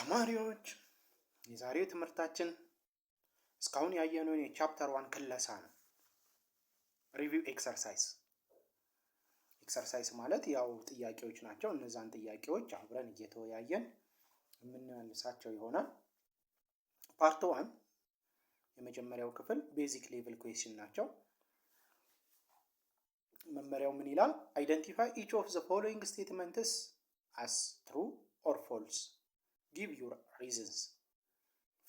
ተማሪዎች የዛሬው ትምህርታችን እስካሁን ያየነውን የቻፕተር ዋን ክለሳ ነው። ሪቪው ኤክሰርሳይዝ ኤክሰርሳይዝ ማለት ያው ጥያቄዎች ናቸው። እነዛን ጥያቄዎች አብረን እየተወያየን የምንመልሳቸው ይሆናል። ፓርት ዋን የመጀመሪያው ክፍል ቤዚክ ሌቭል ኩዌስችን ናቸው። መመሪያው ምን ይላል? አይደንቲፋይ ኢች ኦፍ ዘ ፎሎዊንግ ስቴትመንትስ አስ ትሩ ኦር ፎልስ ጊቭ ዩር ሪዝንስ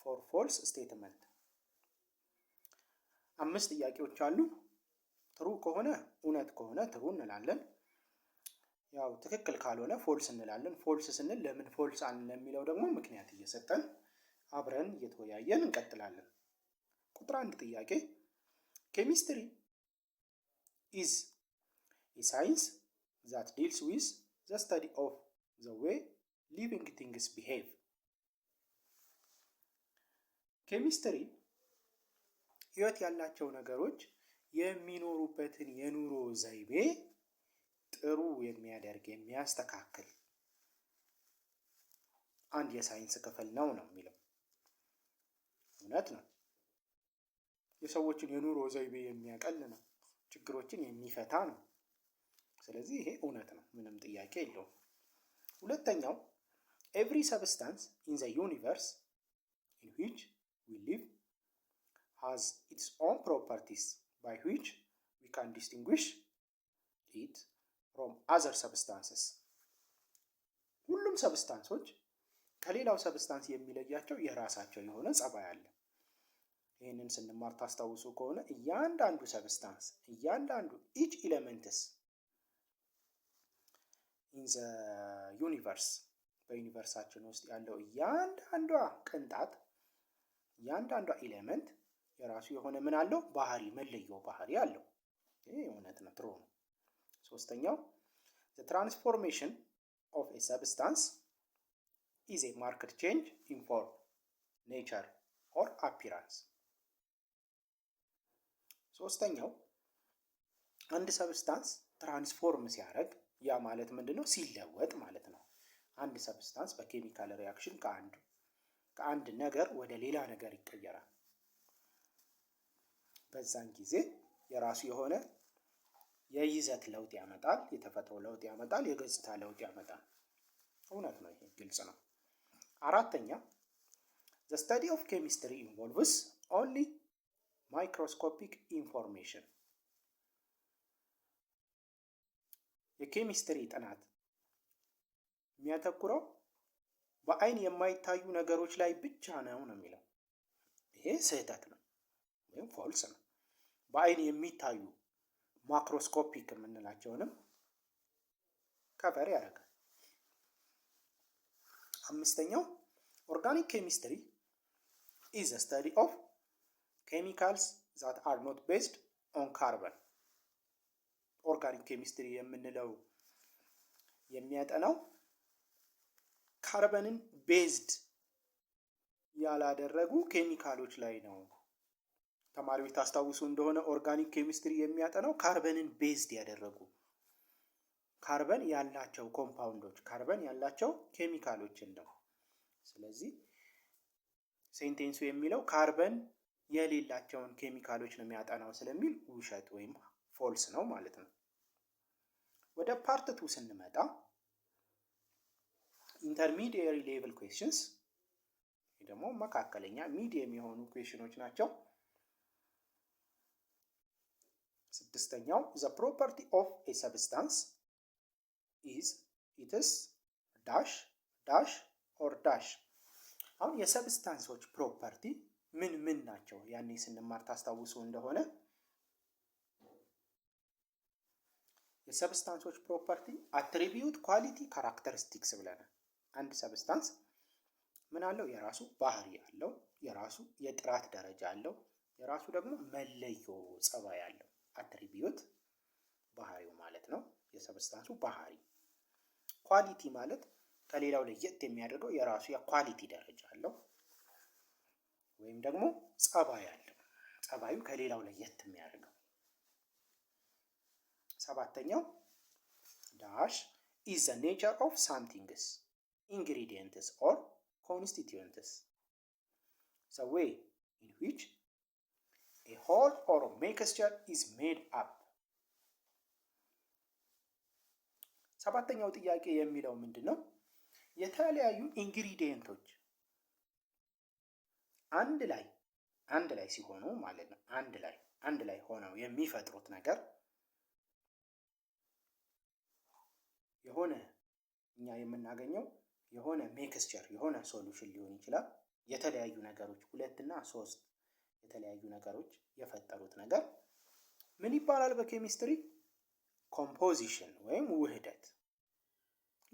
ፎር ፎልስ ስቴትመንት። አምስት ጥያቄዎች አሉ። ትሩ ከሆነ እውነት ከሆነ ትሩ እንላለን። ያው ትክክል ካልሆነ ፎልስ እንላለን። ፎልስ ስንል ለምን ፎልስ አን ለሚለው ደግሞ ምክንያት እየሰጠን አብረን እየተወያየን እንቀጥላለን። ቁጥር አንድ ጥያቄ ኬሚስትሪ ኢዝ ሳይንስ ዛት ዲልስ ዊዝ ዘ ስታዲ ኦፍ ዘ ዌይ ሊቪንግ ቲንግስ ቢሄቭ ኬሚስትሪ ህይወት ያላቸው ነገሮች የሚኖሩበትን የኑሮ ዘይቤ ጥሩ የሚያደርግ የሚያስተካክል አንድ የሳይንስ ክፍል ነው ነው የሚለው እውነት ነው። የሰዎችን የኑሮ ዘይቤ የሚያቀል ነው። ችግሮችን የሚፈታ ነው። ስለዚህ ይሄ እውነት ነው፣ ምንም ጥያቄ የለውም። ሁለተኛው every substance in the universe in which we live has its own properties by which we can distinguish it from other substances። ሁሉም ሰብስታንሶች ከሌላው ሰብስታንስ የሚለያቸው የራሳቸው የሆነ ጸባይ አለ። ይህንን ስንማር ታስታውሱ ከሆነ እያንዳንዱ ሰብስታንስ እያንዳንዱ ኢች ኢሌመንትስ ኢን ዘ ዩኒቨርስ በዩኒቨርሳችን ውስጥ ያለው እያንዳንዷ ቅንጣት እያንዳንዷ ኤሌመንት የራሱ የሆነ ምን አለው ባህሪ መለየው ባህሪ አለው። ይህ እውነት ነው፣ ትሩ ነው። ሶስተኛው ዘ ትራንስፎርሜሽን ኦፍ a substance is a marked change in form, nature ሶስተኛው አንድ ሰብስታንስ ትራንስፎርም ሲያደርግ ያ ማለት ምንድን ነው? ሲለወጥ ማለት ነው። አንድ ሰብስታንስ በኬሚካል ሪያክሽን ከአንዱ ከአንድ ነገር ወደ ሌላ ነገር ይቀየራል። በዛን ጊዜ የራሱ የሆነ የይዘት ለውጥ ያመጣል፣ የተፈጥሮ ለውጥ ያመጣል፣ የገጽታ ለውጥ ያመጣል። እውነት ነው፣ ይሄ ግልጽ ነው። አራተኛ ዘ ስተዲ ኦፍ ኬሚስትሪ ኢንቮልቭስ ኦንሊ ማይክሮስኮፒክ ኢንፎርሜሽን የኬሚስትሪ ጥናት የሚያተኩረው በአይን የማይታዩ ነገሮች ላይ ብቻ ነው ነው የሚለው። ይሄ ስህተት ነው ወይም ፎልስ ነው። በአይን የሚታዩ ማክሮስኮፒክ የምንላቸውንም ከቨር ያደርጋል። አምስተኛው ኦርጋኒክ ኬሚስትሪ ኢዝ ስተዲ ኦፍ ኬሚካልስ ዛት አር ኖት ቤዝድ ኦን ካርበን። ኦርጋኒክ ኬሚስትሪ የምንለው የሚያጠናው ካርበንን ቤዝድ ያላደረጉ ኬሚካሎች ላይ ነው። ተማሪዎች ታስታውሱ እንደሆነ ኦርጋኒክ ኬሚስትሪ የሚያጠናው ካርበንን ቤዝድ ያደረጉ ካርበን ያላቸው ኮምፓውንዶች፣ ካርበን ያላቸው ኬሚካሎችን ነው። ስለዚህ ሴንቴንሱ የሚለው ካርበን የሌላቸውን ኬሚካሎች ነው የሚያጠናው ስለሚል ውሸት ወይም ፎልስ ነው ማለት ነው። ወደ ፓርት ቱ ስንመጣ ኢንተርሚዲየሪ ሌቭል ኩዌሽንስ ደግሞ መካከለኛ ሚዲየም የሆኑ ኩዌሽኖች ናቸው። ስድስተኛው ዘ ፕሮፐርቲ ኦፍ ኤ ሰብስታንስ ኢዝ ኢትስ ዳሽ ዳሽ ኦር ዳሽ። አሁን የሰብስታንሶች ፕሮፐርቲ ምን ምን ናቸው? ያኔ ስንማር ታስታውሱ እንደሆነ የሰብስታንሶች ፕሮፐርቲ አትሪቢዩት፣ ኳሊቲ፣ ካራክተሪስቲክስ ብለናል። አንድ ሰብስታንስ ምን አለው? የራሱ ባህሪ አለው፣ የራሱ የጥራት ደረጃ አለው፣ የራሱ ደግሞ መለዮ ጸባይ አለው። አትሪቢዩት ባህሪው ማለት ነው፣ የሰብስታንሱ ባህሪ። ኳሊቲ ማለት ከሌላው ለየት የሚያደርገው የራሱ የኳሊቲ ደረጃ አለው ወይም ደግሞ ጸባይ አለው፣ ጸባዩ ከሌላው ለየት የሚያደርገው። ሰባተኛው ዳሽ ኢዝ ዘ ኔቸር ኦፍ ሳምቲንግስ ingredients or constituents. It's a way in which a whole or a mixture is made up። ሰባተኛው ጥያቄ የሚለው ምንድን ነው? የተለያዩ ኢንግሪዲየንቶች አንድ ላይ አንድ ላይ ሲሆኑ ማለት ነው አንድ ላይ አንድ ላይ ሆነው የሚፈጥሩት ነገር የሆነ እኛ የምናገኘው የሆነ ሜክስቸር የሆነ ሶሉሽን ሊሆን ይችላል። የተለያዩ ነገሮች ሁለትና ሶስት የተለያዩ ነገሮች የፈጠሩት ነገር ምን ይባላል በኬሚስትሪ? ኮምፖዚሽን ወይም ውህደት።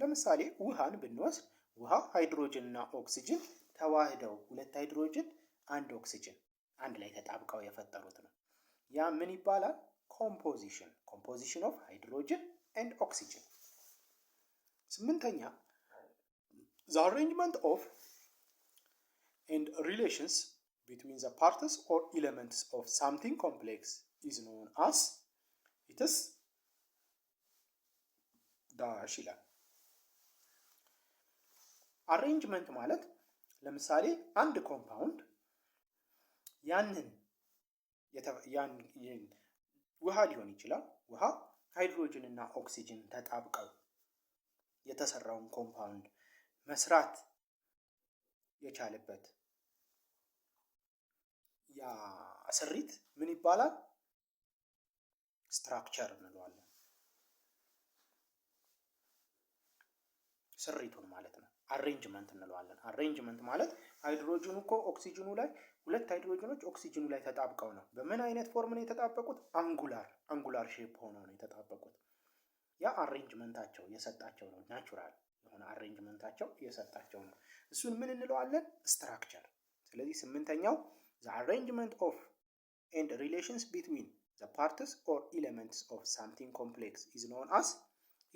ለምሳሌ ውሃን ብንወስድ ውሃ ሃይድሮጅን እና ኦክሲጅን ተዋህደው ሁለት ሃይድሮጅን አንድ ኦክሲጅን አንድ ላይ ተጣብቀው የፈጠሩት ነው። ያ ምን ይባላል? ኮምፖዚሽን ኮምፖዚሽን ኦፍ ሃይድሮጅን ኤንድ ኦክሲጅን። ስምንተኛ the arrangement of and relations between the parts or elements of something complex is known as it is ዳሽ ይላል። አሬንጅመንት ማለት ለምሳሌ አንድ ኮምፓውንድ ያንን ውሃ ሊሆን ይችላል። ውሃ ሃይድሮጅን እና ኦክሲጅን ተጣብቀው የተሰራውን ኮምፓውንድ መስራት የቻለበት ያ ስሪት ምን ይባላል? ስትራክቸር እንለዋለን። ስሪቱን ማለት ነው። አሬንጅመንት እንለዋለን። አሬንጅመንት ማለት ሃይድሮጅኑ እኮ ኦክሲጅኑ ላይ ሁለት ሃይድሮጅኖች ኦክሲጅኑ ላይ ተጣብቀው ነው። በምን አይነት ፎርም ነው የተጣበቁት? አንጉላር አንጉላር ሼፕ ሆኖ ነው የተጣበቁት። ያ አሬንጅመንታቸው የሰጣቸው ነው ናቹራል የሆነ አሬንጅመንታቸው እየሰጣቸው ነው። እሱን ምን እንለዋለን? ስትራክቸር። ስለዚህ ስምንተኛው ዘ አሬንጅመንት ኦፍ ኤንድ ሪሌሽንስ ቢትዊን ዘ ፓርትስ ኦር ኤሌመንትስ ኦፍ ሳምቲንግ ኮምፕሌክስ ኢዝ ኖን አስ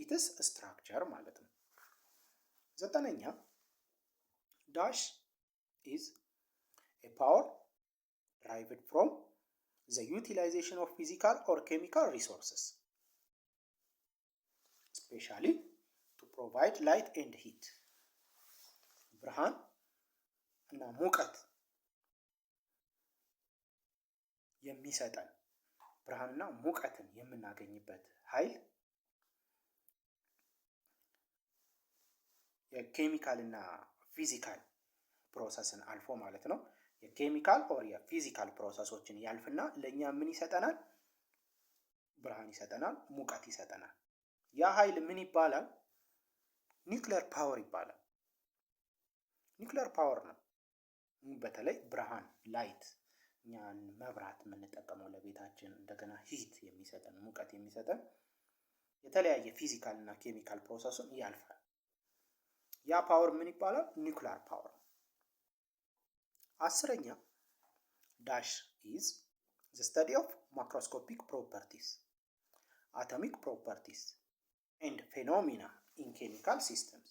ኢትስ ስትራክቸር ማለት ነው። ዘጠነኛ ዳሽ ኢዝ ኤ ፓወር ድራይቭድ ፍሮም ዘ ዩቲላይዜሽን ኦፍ ፊዚካል ኦር ኬሚካል ሪሶርስስ ስፔሻሊ ፕሮቫይድ ላይት ኤንድ ሂት ብርሃን እና ሙቀት የሚሰጠን ብርሃንና ሙቀትን የምናገኝበት ኃይል የኬሚካል እና ፊዚካል ፕሮሰስን አልፎ ማለት ነው። የኬሚካል ኦር የፊዚካል ፕሮሰሶችን ያልፍና ለእኛ ምን ይሰጠናል? ብርሃን ይሰጠናል፣ ሙቀት ይሰጠናል። ያ ኃይል ምን ይባላል? ኒውክሊየር ፓወር ይባላል። ኒውክሊየር ፓወር ነው በተለይ ብርሃን ላይት እኛን መብራት የምንጠቀመው ለቤታችን እንደገና ሂት የሚሰጠን ሙቀት የሚሰጠን የተለያየ ፊዚካል እና ኬሚካል ፕሮሰሱን ያልፋል። ያ ፓወር ምን ይባላል? ኒውክሊየር ፓወር። አስረኛ ዳሽ ኢዝ ዘ ስተዲ ኦፍ ማክሮስኮፒክ ፕሮፐርቲስ አቶሚክ ፕሮፐርቲስ ኤንድ ፌኖሚና in chemical systems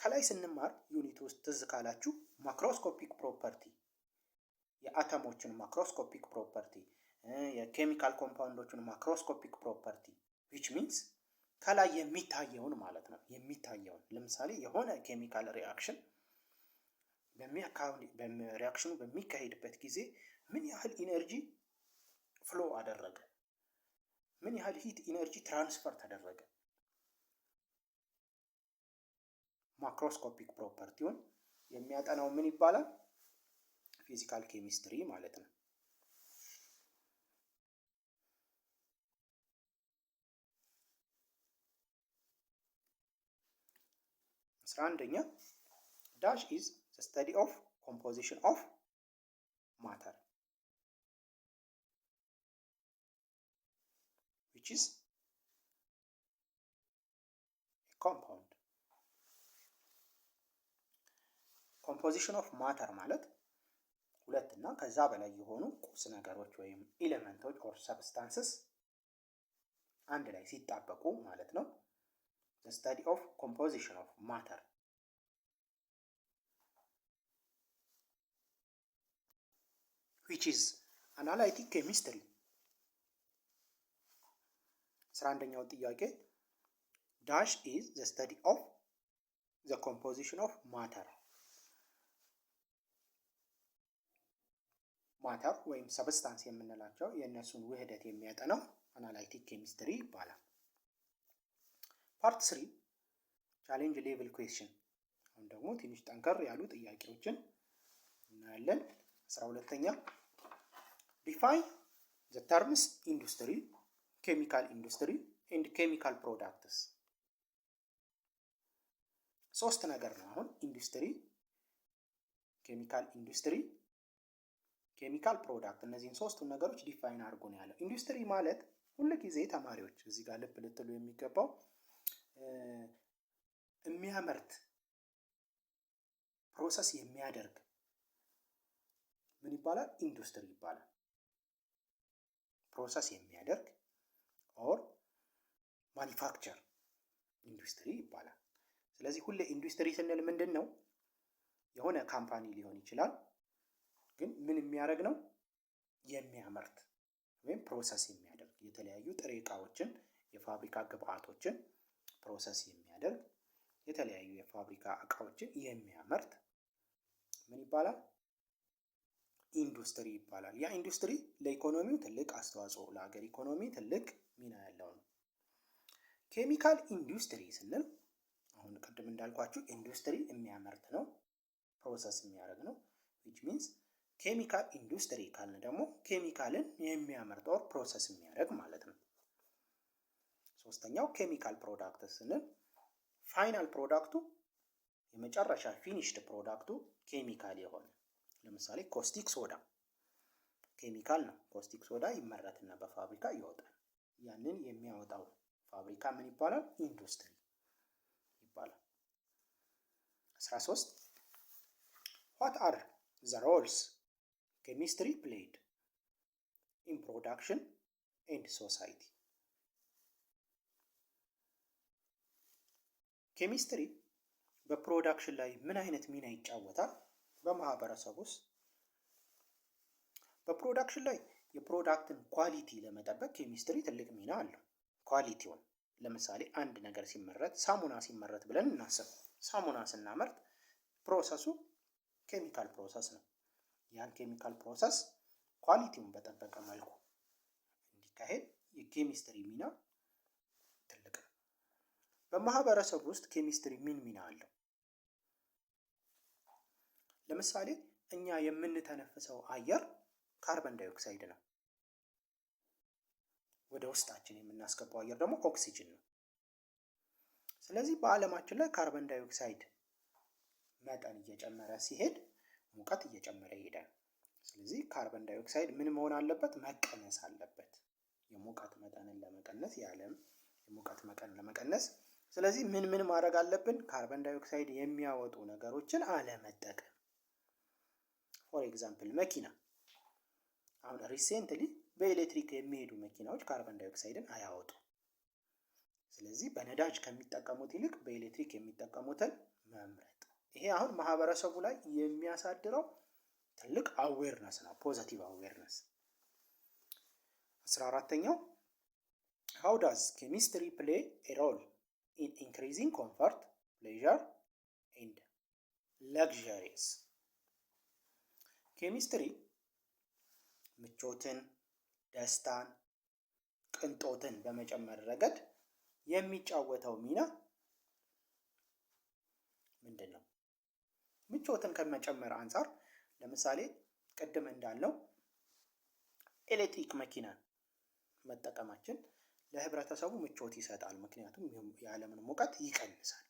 ከላይ ስንማር ዩኒት ውስጥ ትዝ ካላችሁ ማክሮስኮፒክ ፕሮፐርቲ የአተሞችን ማክሮስኮፒክ ፕሮፐርቲ የኬሚካል ኮምፓውንዶችን ማክሮስኮፒክ ፕሮፐርቲ ዊች ሚንስ ከላይ የሚታየውን ማለት ነው። የሚታየውን ለምሳሌ የሆነ ኬሚካል ሪአክሽን ሪአክሽኑ በሚካሄድበት ጊዜ ምን ያህል ኢነርጂ ፍሎ አደረገ ምን ያህል ሂት ኢነርጂ ትራንስፈር ተደረገ። ማክሮስኮፒክ ፕሮፐርቲውን የሚያጠናው ምን ይባላል? ፊዚካል ኬሚስትሪ ማለት ነው። አስራ አንደኛ ዳሽ ኢዝ ስተዲ ኦፍ ኮምፖዚሽን ኦፍ ማተር which is a compound ኮምፖዚሽን ኦፍ ማተር ማለት ሁለት እና ከዛ በላይ የሆኑ ቁስ ነገሮች ወይም ኤሌመንቶች ኦር ሰብስታንስስ አንድ ላይ ሲጣበቁ ማለት ነው። ስታዲ ኦፍ ኮምፖዚሽን ኦፍ ማተር ዊች ኢዝ አናላይቲክ ኬሚስትሪ አስራ አንደኛው ጥያቄ ዳሽ ኢዝ ዘ ስተዲ ኦፍ ዘ ኮምፖዚሽን ኦፍ ማተር ማተር ወይም ሰብስታንስ የምንላቸው የእነሱን ውህደት የሚያጠናው አናላይቲክ ኬሚስትሪ ይባላል። ፓርት ስሪ ቻሌንጅ ሌቭል ኩዌስችን። አሁን ደግሞ ትንሽ ጠንከር ያሉ ጥያቄዎችን እናያለን። አስራ ሁለተኛ ዲፋይን ዘ ተርምስ ኢንዱስትሪ ኬሚካል ኢንዱስትሪ ኤንድ ኬሚካል ፕሮዳክትስ ሶስት ነገር ነው። አሁን ኢንዱስትሪ፣ ኬሚካል ኢንዱስትሪ፣ ኬሚካል ፕሮዳክት እነዚህን ሶስቱን ነገሮች ዲፋይን አድርጎ ነው ያለው። ኢንዱስትሪ ማለት ሁሉ ጊዜ ተማሪዎች እዚህ ጋር ልብ ልትሉ የሚገባው የሚያመርት ፕሮሰስ የሚያደርግ ምን ይባላል? ኢንዱስትሪ ይባላል። ፕሮሰስ የሚያደርግ ኦር ማኒፋክቸር ኢንዱስትሪ ይባላል። ስለዚህ ሁሌ ኢንዱስትሪ ስንል ምንድን ነው? የሆነ ካምፓኒ ሊሆን ይችላል፣ ግን ምን የሚያደርግ ነው? የሚያመርት ወይም ፕሮሰስ የሚያደርግ የተለያዩ ጥሬ እቃዎችን የፋብሪካ ግብዓቶችን ፕሮሰስ የሚያደርግ የተለያዩ የፋብሪካ እቃዎችን የሚያመርት ምን ይባላል? ኢንዱስትሪ ይባላል። ያ ኢንዱስትሪ ለኢኮኖሚው ትልቅ አስተዋጽኦ፣ ለሀገር ኢኮኖሚ ትልቅ ሚና ያለው ነው። ኬሚካል ኢንዱስትሪ ስንል አሁን ቅድም እንዳልኳችሁ ኢንዱስትሪ የሚያመርት ነው፣ ፕሮሰስ የሚያደርግ ነው። ዊች ሚንስ ኬሚካል ኢንዱስትሪ ካልን ደግሞ ኬሚካልን የሚያመርት ኦር ፕሮሰስ የሚያደርግ ማለት ነው። ሶስተኛው ኬሚካል ፕሮዳክት ስንል ፋይናል ፕሮዳክቱ የመጨረሻ ፊኒሽድ ፕሮዳክቱ ኬሚካል የሆነ ለምሳሌ ኮስቲክ ሶዳ ኬሚካል ነው። ኮስቲክ ሶዳ ይመረትና በፋብሪካ ይወጣል። ያንን የሚያወጣው ፋብሪካ ምን ይባላል? ኢንዱስትሪ ይባላል። አስራ ሶስት ዋት አር ዘ ሮልስ ኬሚስትሪ ፕሌይድ ኢን ፕሮዳክሽን ኤንድ ሶሳይቲ። ኬሚስትሪ በፕሮዳክሽን ላይ ምን አይነት ሚና ይጫወታል? በማህበረሰብ ውስጥ በፕሮዳክሽን ላይ የፕሮዳክትን ኳሊቲ ለመጠበቅ ኬሚስትሪ ትልቅ ሚና አለው። ኳሊቲውን ለምሳሌ አንድ ነገር ሲመረት ሳሙና ሲመረት ብለን እናስብ። ሳሙና ስናመርት ፕሮሰሱ ኬሚካል ፕሮሰስ ነው። ያን ኬሚካል ፕሮሰስ ኳሊቲውን በጠበቀ መልኩ እንዲካሄድ የኬሚስትሪ ሚና ትልቅ ነው። በማህበረሰብ ውስጥ ኬሚስትሪ ምን ሚና አለው? ለምሳሌ እኛ የምንተነፍሰው አየር ካርበን ዳይኦክሳይድ ነው። ወደ ውስጣችን የምናስገባው አየር ደግሞ ኦክሲጅን ነው። ስለዚህ በዓለማችን ላይ ካርበን ዳይኦክሳይድ መጠን እየጨመረ ሲሄድ ሙቀት እየጨመረ ይሄዳል። ስለዚህ ካርበን ዳይኦክሳይድ ምን መሆን አለበት? መቀነስ አለበት። የሙቀት መጠንን ለመቀነስ የዓለም የሙቀት መጠን ለመቀነስ ስለዚህ ምን ምን ማድረግ አለብን? ካርበን ዳይኦክሳይድ የሚያወጡ ነገሮችን አለመጠቀም። ፎር ኤግዛምፕል መኪና አሁን ሪሴንትሊ በኤሌክትሪክ የሚሄዱ መኪናዎች ካርበን ዳይኦክሳይድን አያወጡ። ስለዚህ በነዳጅ ከሚጠቀሙት ይልቅ በኤሌክትሪክ የሚጠቀሙትን መምረጥ። ይሄ አሁን ማህበረሰቡ ላይ የሚያሳድረው ትልቅ አዌርነስ ነው፣ ፖዘቲቭ አዌርነስ። አስራ አራተኛው ሃው ዳዝ ኬሚስትሪ ፕሌይ ኤ ሮል ኢን ኢንክሪዚንግ ኮምፈርት ፕሌር ኤንድ ለግዠሪስ ኬሚስትሪ ምቾትን፣ ደስታን፣ ቅንጦትን በመጨመር ረገድ የሚጫወተው ሚና ምንድን ነው? ምቾትን ከመጨመር አንጻር ለምሳሌ ቅድም እንዳለው ኤሌክትሪክ መኪናን መጠቀማችን ለህብረተሰቡ ምቾት ይሰጣል። ምክንያቱም የዓለምን ሙቀት ይቀንሳል።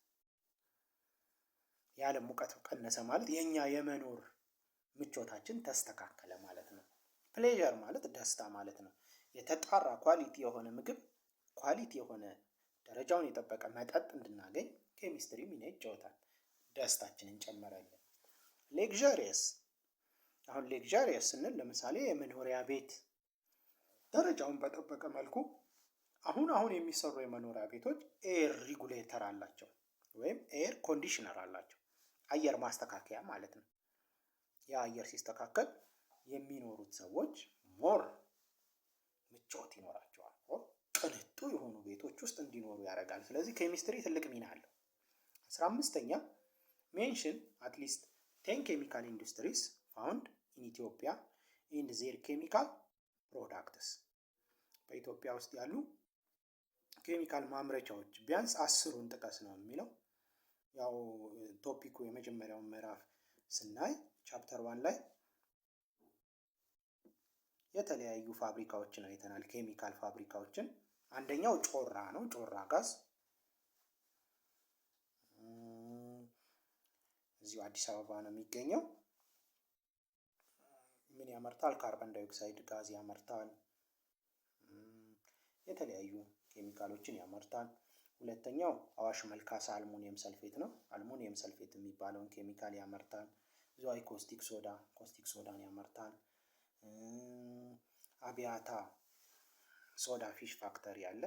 የዓለም ሙቀት ቀነሰ ማለት የእኛ የመኖር ምቾታችን ተስተካከለ ማለት ነው። ፕሌዠር ማለት ደስታ ማለት ነው። የተጣራ ኳሊቲ የሆነ ምግብ፣ ኳሊቲ የሆነ ደረጃውን የጠበቀ መጠጥ እንድናገኝ ኬሚስትሪ ሚና ይጫወታል። ደስታችንን እንጨምራለን። ሌግዣሪየስ አሁን ሌግዣሪየስ ስንል ለምሳሌ የመኖሪያ ቤት ደረጃውን በጠበቀ መልኩ አሁን አሁን የሚሰሩ የመኖሪያ ቤቶች ኤር ሪጉሌተር አላቸው ወይም ኤር ኮንዲሽነር አላቸው። አየር ማስተካከያ ማለት ነው። ያ አየር ሲስተካከል የሚኖሩት ሰዎች ሞር ምቾት ይኖራቸዋል። ቅንጡ የሆኑ ቤቶች ውስጥ እንዲኖሩ ያደርጋል። ስለዚህ ኬሚስትሪ ትልቅ ሚና አለው። አስራ አምስተኛ ሜንሽን አትሊስት ቴን ኬሚካል ኢንዱስትሪስ ፋውንድ ኢን ኢትዮጵያ ኢንድ ዜር ኬሚካል ፕሮዳክትስ በኢትዮጵያ ውስጥ ያሉ ኬሚካል ማምረቻዎች ቢያንስ አስሩን ጥቀስ ነው የሚለው። ያው ቶፒኩ የመጀመሪያውን ምዕራፍ ስናይ ቻፕተር ዋን ላይ የተለያዩ ፋብሪካዎችን አይተናል። ኬሚካል ፋብሪካዎችን አንደኛው ጮራ ነው። ጮራ ጋዝ እዚሁ አዲስ አበባ ነው የሚገኘው። ምን ያመርታል? ካርበን ዳይኦክሳይድ ጋዝ ያመርታል። የተለያዩ ኬሚካሎችን ያመርታል። ሁለተኛው አዋሽ መልካሳ አልሙኒየም ሰልፌት ነው። አልሙኒየም ሰልፌት የሚባለውን ኬሚካል ያመርታል። እዚሁ ኮስቲክ ሶዳ ኮስቲክ ሶዳን ያመርታል። አብያታ ሶዳ ፊሽ ፋክተሪ አለ።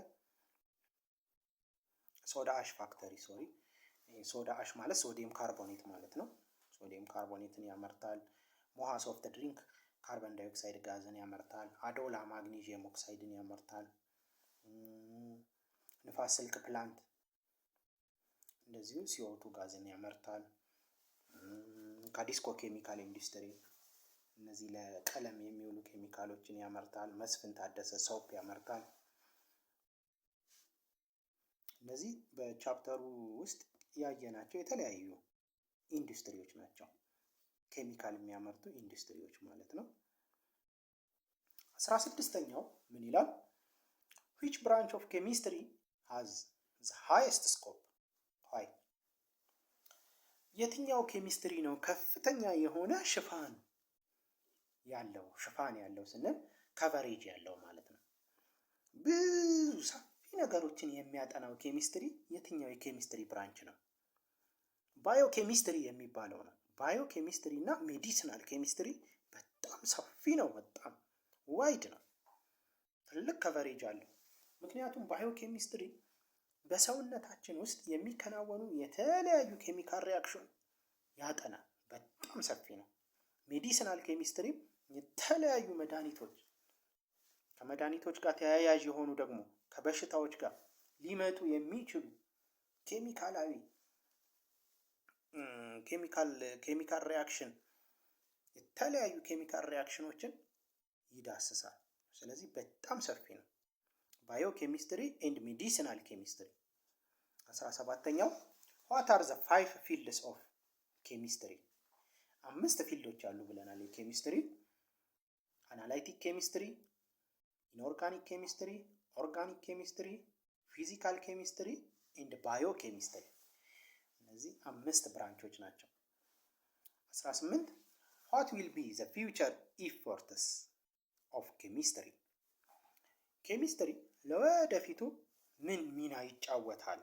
ሶዳ አሽ ፋክተሪ ሶሪ፣ ሶዳ አሽ ማለት ሶዲየም ካርቦኔት ማለት ነው። ሶዲየም ካርቦኔትን ያመርታል። ሞሃ ሶፍት ድሪንክ ካርበን ዳይኦክሳይድ ጋዝን ያመርታል። አዶላ ማግኒዥየም ኦክሳይድን ያመርታል። ንፋስ ስልክ ፕላንት እንደዚሁ ሲኦቱ ጋዝን ያመርታል። ከዲስኮ ኬሚካል ኢንዱስትሪ እነዚህ ለቀለም የሚውሉ ኬሚካሎችን ያመርታል። መስፍን ታደሰ ሶፕ ያመርታል። እነዚህ በቻፕተሩ ውስጥ ያየናቸው የተለያዩ ኢንዱስትሪዎች ናቸው። ኬሚካል የሚያመርቱ ኢንዱስትሪዎች ማለት ነው። አስራ ስድስተኛው ምን ይላል? ዊች ብራንች ኦፍ ኬሚስትሪ ሃዝ ዘ ሃይስት ስኮፕ የትኛው ኬሚስትሪ ነው ከፍተኛ የሆነ ሽፋን ያለው ሽፋን ያለው ስንል ከቨሬጅ ያለው ማለት ነው። ብዙ ሰፊ ነገሮችን የሚያጠናው ኬሚስትሪ የትኛው የኬሚስትሪ ብራንች ነው? ባዮ ኬሚስትሪ የሚባለው ነው። ባዮ ኬሚስትሪ እና ሜዲሲናል ኬሚስትሪ በጣም ሰፊ ነው። በጣም ዋይድ ነው። ትልቅ ከቨሬጅ አለው። ምክንያቱም ባዮ ኬሚስትሪ በሰውነታችን ውስጥ የሚከናወኑ የተለያዩ ኬሚካል ሪያክሽን ያጠናል። በጣም ሰፊ ነው። ሜዲሲናል ኬሚስትሪም የተለያዩ መድኃኒቶች ከመድኃኒቶች ጋር ተያያዥ የሆኑ ደግሞ ከበሽታዎች ጋር ሊመጡ የሚችሉ ኬሚካላዊ ኬሚካል ኬሚካል ሪያክሽን የተለያዩ ኬሚካል ሪያክሽኖችን ይዳስሳል። ስለዚህ በጣም ሰፊ ነው። ባዮ ኬሚስትሪ ኤንድ ሜዲሲናል ኬሚስትሪ አስራ ሰባተኛው ዋት አር ዘ ፋይቭ ፊልድስ ኦፍ ኬሚስትሪ አምስት ፊልዶች አሉ ብለናል የኬሚስትሪ አናላይቲክ ኬሚስትሪ፣ ኢንኦርጋኒክ ኬሚስትሪ፣ ኦርጋኒክ ኬሚስትሪ፣ ፊዚካል ኬሚስትሪ ኤንድ ባዮ ኬሚስትሪ። እነዚህ አምስት ብራንቾች ናቸው። 18 ዋት ዊል ቢ ዘ ፊውቸር ኢፎርትስ ኦፍ ኬሚስትሪ ኬሚስትሪ ለወደፊቱ ምን ሚና ይጫወታል?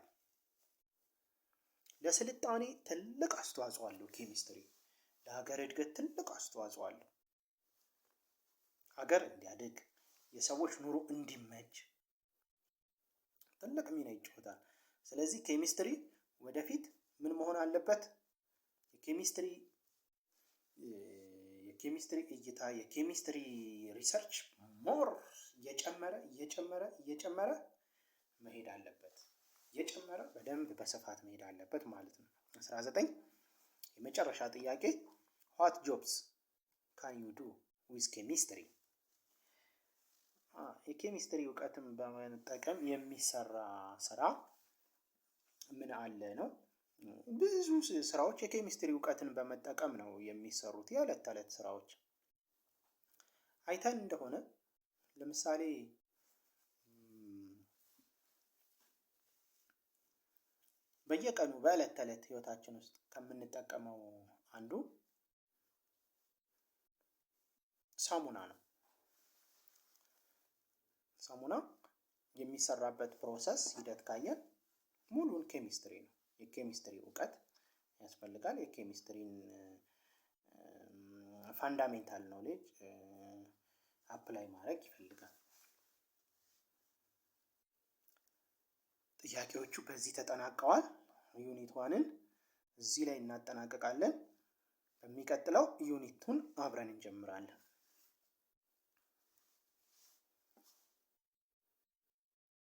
ለስልጣኔ ትልቅ አስተዋጽኦ አለው። ኬሚስትሪ ለሀገር እድገት ትልቅ አስተዋጽኦ አለው። ሀገር እንዲያድግ የሰዎች ኑሮ እንዲመች ትልቅ ሚና ይጫወታል። ስለዚህ ኬሚስትሪ ወደፊት ምን መሆን አለበት? የኬሚስትሪ የኬሚስትሪ እይታ የኬሚስትሪ ሪሰርች ሞር እየጨመረ እየጨመረ እየጨመረ መሄድ አለበት። እየጨመረ በደንብ በስፋት መሄድ አለበት ማለት ነው። 19 የመጨረሻ ጥያቄ ዋት ጆብስ ካን ዩ ዱ ዊዝ ኬሚስትሪ የኬሚስትሪ እውቀትን በመጠቀም የሚሰራ ስራ ምን አለ ነው። ብዙ ስራዎች የኬሚስትሪ እውቀትን በመጠቀም ነው የሚሰሩት የዕለት ተዕለት ስራዎች። አይተን እንደሆነ ለምሳሌ በየቀኑ በዕለት ተዕለት ህይወታችን ውስጥ ከምንጠቀመው አንዱ ሳሙና ነው። ሳሙና የሚሰራበት ፕሮሰስ ሂደት ካየን ሙሉን ኬሚስትሪ ነው። የኬሚስትሪ እውቀት ያስፈልጋል። የኬሚስትሪን ፋንዳሜንታል ኖሌጅ አፕላይ ማድረግ ይፈልጋል። ጥያቄዎቹ በዚህ ተጠናቀዋል። ዩኒት ዋንን እዚህ ላይ እናጠናቀቃለን። በሚቀጥለው ዩኒቱን አብረን እንጀምራለን።